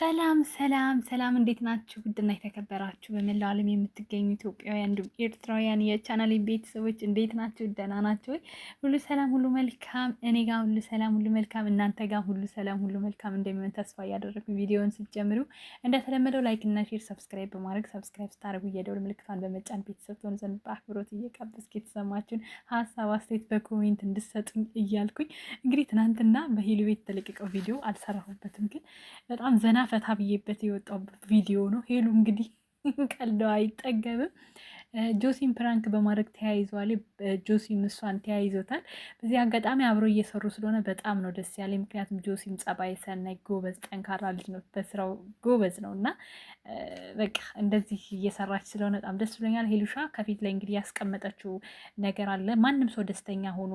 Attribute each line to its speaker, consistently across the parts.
Speaker 1: ሰላም ሰላም ሰላም፣ እንዴት ናችሁ? ውድና የተከበራችሁ በመላው ዓለም የምትገኙ ኢትዮጵያውያን እንዲሁም ኤርትራውያን የቻናል ቤተሰቦች እንዴት ናችሁ? ደህና ናችሁ ወይ? ሁሉ ሰላም፣ ሁሉ መልካም። እኔ ጋር ሁሉ ሰላም፣ ሁሉ መልካም። እናንተ ጋር ሁሉ ሰላም፣ ሁሉ መልካም እንደሚሆን ተስፋ እያደረግኩ ቪዲዮውን ስትጀምሩ እንደተለመደው ላይክ እና ሼር፣ ሰብስክራይብ በማድረግ ሰብስክራይብ ስታደርጉ እየደውል ምልክቷን በመጫን ቤተሰብ ትሆኑ ዘንድ በአክብሮት እየቀበስኩ የተሰማችሁን ሀሳብ አስተያየት በኮሜንት እንድሰጡኝ እያልኩኝ እንግዲህ ትናንትና በሄሉ ቤት የተለቀቀው ቪዲዮ አልሰራሁበትም፣ ግን በጣም ዘና ፈታ ብዬበት የወጣው ቪዲዮ ነው። ሄሉ እንግዲህ ቀልደው አይጠገብም። ጆሲን ፕራንክ በማድረግ ተያይዘዋል። ጆሲም እሷን ተያይዞታል። በዚህ አጋጣሚ አብረው እየሰሩ ስለሆነ በጣም ነው ደስ ያለ። ምክንያቱም ጆሲም ጸባይ ሰናይ፣ ጎበዝ፣ ጠንካራ ልጅ ነው። በስራው ጎበዝ ነው እና በቃ እንደዚህ እየሰራች ስለሆነ በጣም ደስ ብሎኛል። ሄሉሻ ከፊት ላይ እንግዲህ ያስቀመጠችው ነገር አለ። ማንም ሰው ደስተኛ ሆኖ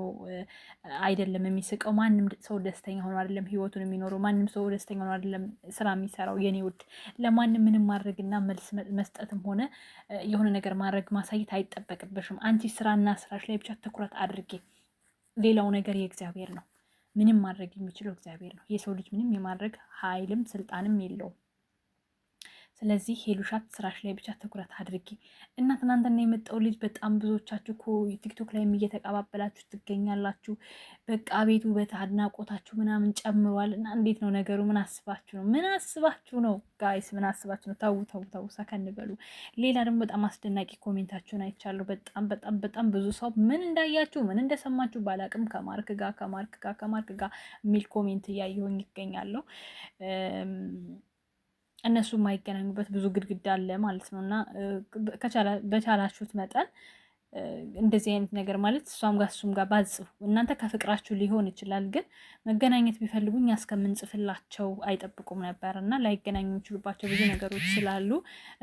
Speaker 1: አይደለም የሚስቀው። ማንም ሰው ደስተኛ ሆኖ አይደለም ህይወቱን የሚኖረው። ማንም ሰው ደስተኛ ሆኖ አይደለም ስራ የሚሰራው። የኔ ውድ ለማንም ምንም ማድረግና መልስ መስጠትም ሆነ የሆነ ነገር ማድረግ ማድረግ ማሳየት አይጠበቅብሽም። አንቺ ስራና ስራሽ ላይ ብቻ ትኩረት አድርጌ፣ ሌላው ነገር የእግዚአብሔር ነው። ምንም ማድረግ የሚችለው እግዚአብሔር ነው። የሰው ልጅ ምንም የማድረግ ኃይልም ስልጣንም የለውም። ስለዚህ ሄሉሻት ስራሽ ላይ ብቻ ትኩረት አድርጊ እና ትናንትና የመጣው ልጅ በጣም ብዙዎቻችሁ እኮ ቲክቶክ ላይም እየተቀባበላችሁ ትገኛላችሁ። በቃ ቤቱ ውበት አድናቆታችሁ ምናምን ጨምሯል እና እንዴት ነው ነገሩ? ምን አስባችሁ ነው? ምን አስባችሁ ነው ጋይስ? ምን አስባችሁ ነው? ታው ታው ታው ሰከን በሉ። ሌላ ደግሞ በጣም አስደናቂ ኮሜንታችሁን አይቻለሁ። በጣም በጣም በጣም ብዙ ሰው ምን እንዳያችሁ ምን እንደሰማችሁ ባላቅም ከማርክ ጋር ከማርክ ጋር ከማርክ ጋር የሚል ኮሜንት እያየሁኝ ይገኛለሁ። እነሱ የማይገናኙበት ብዙ ግድግዳ አለ ማለት ነው። እና በቻላችሁት መጠን እንደዚህ አይነት ነገር ማለት እሷም ጋር እሱም ጋር ባጽፉ እናንተ ከፍቅራችሁ ሊሆን ይችላል፣ ግን መገናኘት ቢፈልጉኝ እስከምንጽፍላቸው አይጠብቁም ነበር እና ላይገናኙ የሚችሉባቸው ብዙ ነገሮች ስላሉ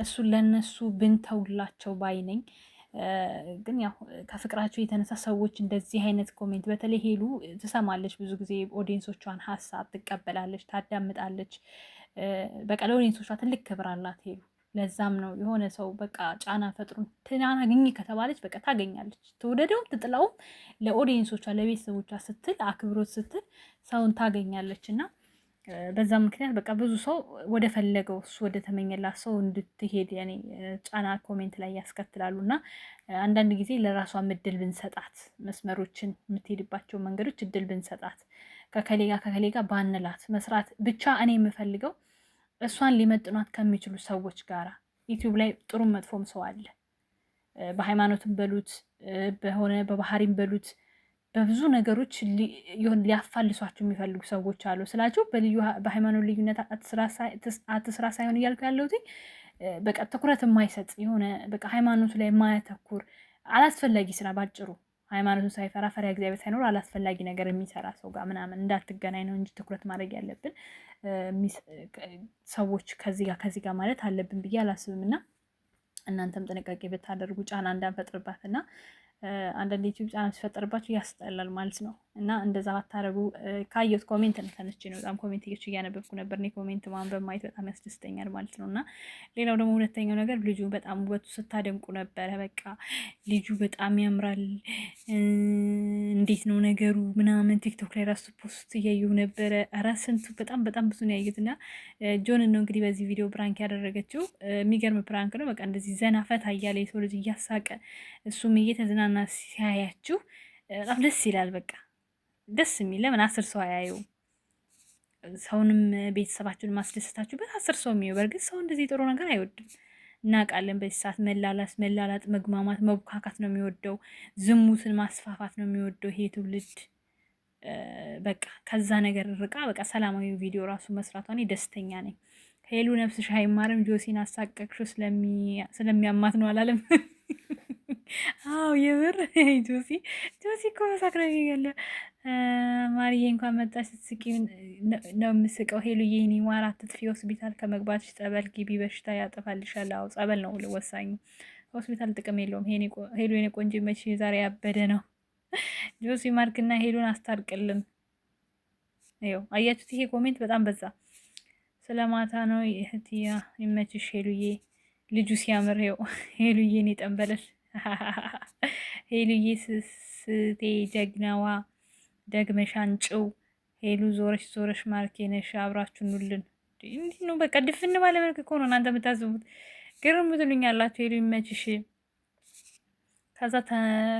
Speaker 1: እሱን ለእነሱ ብንተውላቸው ባይ ነኝ። ግን ያው ከፍቅራቸው የተነሳ ሰዎች እንደዚህ አይነት ኮሜንት በተለይ ሄሉ ትሰማለች፣ ብዙ ጊዜ ኦዲየንሶቿን ሀሳብ ትቀበላለች፣ ታዳምጣለች በቃ ለኦዲየንሶቿ ትልቅ ክብር አላት ለዛም ነው የሆነ ሰው በቃ ጫና ፈጥሮ ትናን አግኝ ከተባለች በቃ ታገኛለች። ተወደደውም ትጥላውም ለኦዲንሶቿ ለቤተሰቦቿ ስትል አክብሮት ስትል ሰውን ታገኛለች እና በዛ ምክንያት በቃ ብዙ ሰው ወደ ፈለገው እሱ ወደ ተመኘላት ሰው እንድትሄድ ያኔ ጫና ኮሜንት ላይ ያስከትላሉ። እና አንዳንድ ጊዜ ለራሷም እድል ብንሰጣት መስመሮችን የምትሄድባቸው መንገዶች እድል ብንሰጣት ከከሌጋ ከከሌጋ ባንላት መስራት ብቻ እኔ የምፈልገው እሷን ሊመጥኗት ከሚችሉ ሰዎች ጋራ ዩቲዩብ ላይ ጥሩም መጥፎም ሰው አለ። በሃይማኖትም በሉት በሆነ በባህሪም በሉት በብዙ ነገሮች ሊያፋልሷቸው የሚፈልጉ ሰዎች አሉ ስላቸው በልዩ በሃይማኖት ልዩነት አትስራ ሳይሆን እያልኩ ያለሁት በቃ ትኩረት የማይሰጥ የሆነ በቃ ሃይማኖቱ ላይ የማያተኩር አላስፈላጊ ስራ ባጭሩ ሃይማኖቱን ሳይፈራ ፈሪያ እግዚአብሔር ሳይኖር አላስፈላጊ ነገር የሚሰራ ሰው ጋር ምናምን እንዳትገናኝ ነው እንጂ ትኩረት ማድረግ ያለብን ሰዎች ከዚህ ጋር ከዚህ ጋር ማለት አለብን ብዬ አላስብም። እና እናንተም ጥንቃቄ ብታደርጉ ጫና እንዳንፈጥርባት እና አንዳንድ ዩቲዩብ ጫና ሲፈጠርባቸው ያስጠላል ማለት ነው። እና እንደዛ ባታረጉ ካየሁት ኮሜንት ነው ተነስቼ ነው በጣም ኮሜንት እየች እያነበብኩ ነበር። እኔ ኮሜንት ማንበብ ማየት በጣም ያስደስተኛል ማለት ነው። እና ሌላው ደግሞ ሁለተኛው ነገር ልጁ በጣም ውበቱ ስታደንቁ ነበረ። በቃ ልጁ በጣም ያምራል እንዴት ነው ነገሩ ምናምን ቲክቶክ ላይ ራሱ ፖስት እያየው ነበረ። ራስንቱ በጣም በጣም ብዙ ነው ያዩት። እና ጆን ነው እንግዲህ በዚህ ቪዲዮ ፕራንክ ያደረገችው። የሚገርም ፕራንክ ነው። በቃ እንደዚህ ዘና ፈታ እያለ የሰው ልጅ እያሳቀ እሱም እየተዝናና ሲያያችሁ በጣም ደስ ይላል። በቃ ደስ የሚል ለምን አስር ሰው አያየው ሰውንም ቤተሰባችሁን በት አስር ሰው የሚየው። በእርግጥ ሰው እንደዚህ ጥሩ ነገር አይወድም። እናውቃለን። በዚህ ሰዓት መላላስ፣ መላላጥ፣ መግማማት፣ መቡካካት ነው የሚወደው። ዝሙትን ማስፋፋት ነው የሚወደው ይሄ ትውልድ። በቃ ከዛ ነገር ርቃ በቃ ሰላማዊ ቪዲዮ ራሱ መስራቷ እኔ ደስተኛ ነኝ። ሄሉ ነፍስሽ አይማርም ጆሲን አሳቀቅሽው ስለሚያማት ነው አላለም። አዎ የምር ጆሲ ጆሲ እኮ መሳቅ ነው ያለ። ማርዬ እንኳን መጣሽ። ስትስቂ ነው የምስቀው። ሄሉዬ የኔ ማር አትጥፊ። ሆስፒታል ከመግባትሽ ጸበል ግቢ፣ በሽታ ያጠፋልሻል። አዎ ጸበል ነው ወሳኝ፣ ሆስፒታል ጥቅም የለውም። ሄሉ የኔ ቆንጆ መቼ ዛሬ ያበደ ነው። ጆሲ ማርክና ሄሉን አስታርቅልን። ይኸው አያችሁት፣ ይሄ ኮሜንት በጣም በዛ። ስለማታ ነው እህትያ፣ ይመችሽ ሄሉዬ ልጁ ሲያምር ው ሄሉዬን የጠንበለል ሄሉዬ ስስቴ ጀግናዋ ደግመሽ አንጭው ሄሉ ዞረሽ ዞረሽ ማርኬ ነሽ። አብራችሁ ኑልን። እንዲህ ነው በቃ ድፍን ባለ መልክ እኮ ነው እናንተ የምታስቡት። ግርም ብትሉኝ አላችሁ። ሄሉ ይመችሽ። ከዛ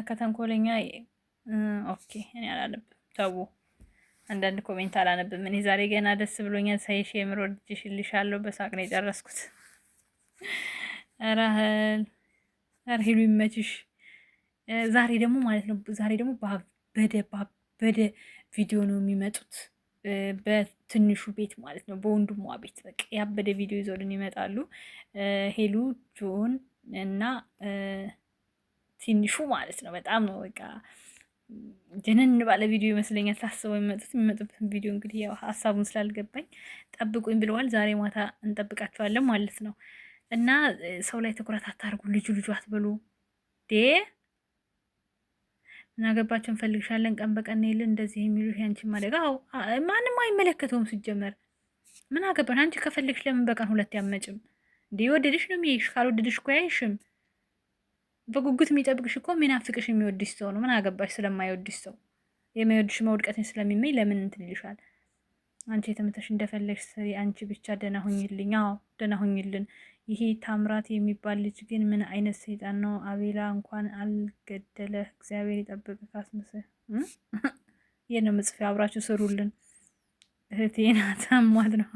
Speaker 1: ከተንኮለኛ ኦኬ እኔ አላነብም። ተው አንዳንድ ኮሜንት አላነብም። እኔ ዛሬ ገና ደስ ብሎኛል ሳይሽ የምሮ ልጅሽ ልሻለሁ። በሳቅ ነው የጨረስኩት። ራህል ሄሉ ይመችሽ። ዛሬ ደግሞ ማለት ነው ዛሬ ደግሞ በደ በደ ቪዲዮ ነው የሚመጡት በትንሹ ቤት ማለት ነው በወንድሟ ቤት በቃ ያበደ ቪዲዮ ይዞልን ይመጣሉ። ሄሉ ጆን እና ትንሹ ማለት ነው። በጣም ነው በቃ ጀነን ባለ ቪዲዮ ይመስለኛል ታስበው የሚመጡት። የሚመጡበትን ቪዲዮ እንግዲህ ያው ሀሳቡን ስላልገባኝ ጠብቁኝ ብለዋል። ዛሬ ማታ እንጠብቃቸዋለን ማለት ነው። እና ሰው ላይ ትኩረት አታርጉ። ልጁ ልጁ አትበሉ። ዴ ምናገባቸው እንፈልግሻለን ቀን በቀን ይልን እንደዚህ የሚሉ ያንቺን ማደጋ ማንም አይመለከተውም ሲጀመር ምን አገባሽ አንቺ ከፈልግሽ ለምን በቀን ሁለት ያመጭም እንዲ ወደድሽ ነው የሚይሽ። ካልወደድሽ እኮ ያይሽም። በጉጉት የሚጠብቅሽ እኮ የሚናፍቅሽ የሚወድሽ ሰው ነው። ምን አገባሽ ስለማይወድሽ ሰው የማይወድሽ መውድቀትን ስለሚመኝ ለምን እንትን ይልሻል? አንቺ የተመተሽ እንደፈለሽ ስሪ፣ አንቺ ብቻ ደህና ሁኝልኝ። አዎ ደህና ሁኝልን። ይሄ ታምራት የሚባል ልጅ ግን ምን አይነት ሰይጣን ነው? አቤላ እንኳን አልገደለ። እግዚአብሔር የጠበቀ ካስመስል ይህ ነው መጽፊያ። አብራችሁ ስሩልን። እህቴ ናት። አሟት ነው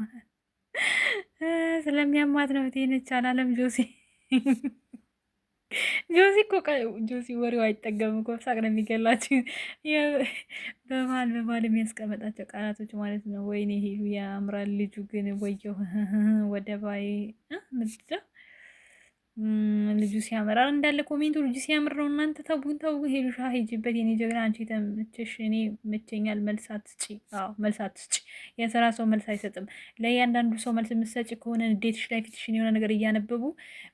Speaker 1: ስለሚያሟት ነው። እህቴ ነች አላለም ጆሴ ጆሲ እኮ ጆሲ ወሬው አይጠገምም እኮ ሳቅ ነው የሚገላቸው። በመሀል በመሀል የሚያስቀመጣቸው ቃላቶች ማለት ነው። ወይኔ ሄሉ ያምራል ልጁ ግን ወየው ወደ ባይ ልጁ ሲያምር አረ እንዳለ ኮሜንቱ ልጁ ሲያምር ነው። እናንተ ተቡን ተቡ ሄዱ ሻ ሄጅበት የኔ ጀግና፣ አንቺ ተመቸሽ፣ እኔ መቸኛል። መልስ አትስጪ። መልስ አትስጪ። የስራ ሰው መልስ አይሰጥም። ለእያንዳንዱ ሰው መልስ የምትሰጪ ከሆነ ዴትሽ ላይ ፊትሽን የሆነ ነገር እያነበቡ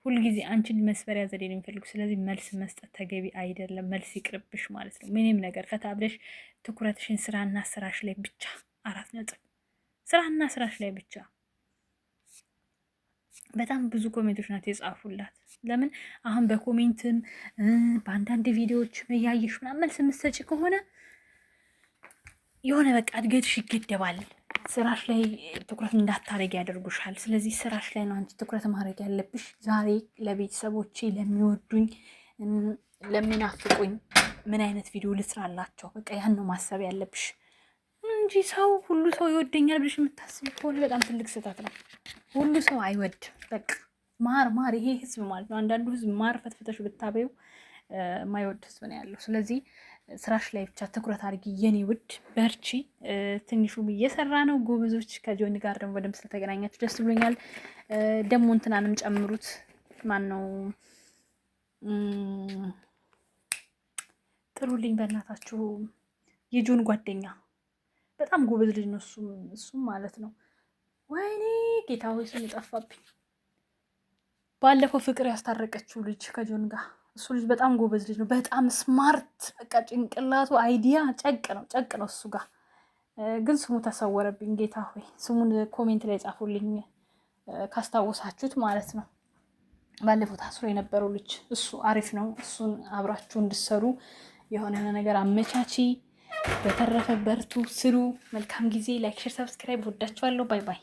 Speaker 1: ሁልጊዜ አንቺን መስበሪያ ዘዴ ነው የሚፈልጉ። ስለዚህ መልስ መስጠት ተገቢ አይደለም። መልስ ይቅርብሽ ማለት ነው። ምንም ነገር ፈታ ትኩረትሽን ስራና ስራሽ ላይ ብቻ አራት ነጥብ፣ ስራና ስራሽ ላይ ብቻ በጣም ብዙ ኮሜንቶች ናት የጻፉላት። ለምን አሁን በኮሜንትም በአንዳንድ ቪዲዮዎችም እያየሽ ምናምን መልስ የምትሰጪ ከሆነ የሆነ በቃ እድገትሽ ይገደባል። ስራሽ ላይ ትኩረት እንዳታረጊ ያደርጉሻል። ስለዚህ ስራሽ ላይ ነው አንቺ ትኩረት ማድረግ ያለብሽ። ዛሬ ለቤተሰቦቼ ለሚወዱኝ፣ ለሚናፍቁኝ ምን አይነት ቪዲዮ ልስራላቸው? በቃ ያን ነው ማሰብ ያለብሽ። እንጂ ሰው ሁሉ ሰው ይወደኛል ብለሽ የምታስብ ከሆነ በጣም ትልቅ ስህተት ነው። ሁሉ ሰው አይወድም። በቃ ማር ማር ይሄ ህዝብ ማለት ነው። አንዳንዱ ህዝብ ማር ፈትፈተሽ ብታበዩ የማይወድ ህዝብ ነው ያለው። ስለዚህ ስራሽ ላይ ብቻ ትኩረት አድርጊ የኔ ውድ፣ በርቺ። ትንሹም እየሰራ ነው። ጎበዞች። ከጆኒ ጋር ደግሞ በደንብ ስለተገናኛችሁ ደስ ብሎኛል። ደግሞ እንትናንም ጨምሩት። ማን ነው ጥሩልኝ፣ በእናታችሁ የጆን ጓደኛ በጣም ጎበዝ ልጅ ነው እሱም ማለት ነው። ወይኔ ጌታ ሆይ ስም የጠፋብኝ። ባለፈው ፍቅር ያስታረቀችው ልጅ ከጆን ጋር እሱ ልጅ በጣም ጎበዝ ልጅ ነው። በጣም ስማርት በቃ ጭንቅላቱ አይዲያ ጨቅ ነው ጨቅ ነው። እሱ ጋር ግን ስሙ ተሰወረብኝ። ጌታ ሆይ ስሙን ኮሜንት ላይ ጻፉልኝ ካስታወሳችሁት ማለት ነው። ባለፈው ታስሮ የነበረው ልጅ እሱ አሪፍ ነው። እሱን አብራችሁ እንድሰሩ የሆነ ነገር አመቻቺ በተረፈ በርቱ፣ ስሩ። መልካም ጊዜ። ላይክ፣ ሼር፣ ሰብስክራይብ። ወዳችኋለሁ። ባይ ባይ።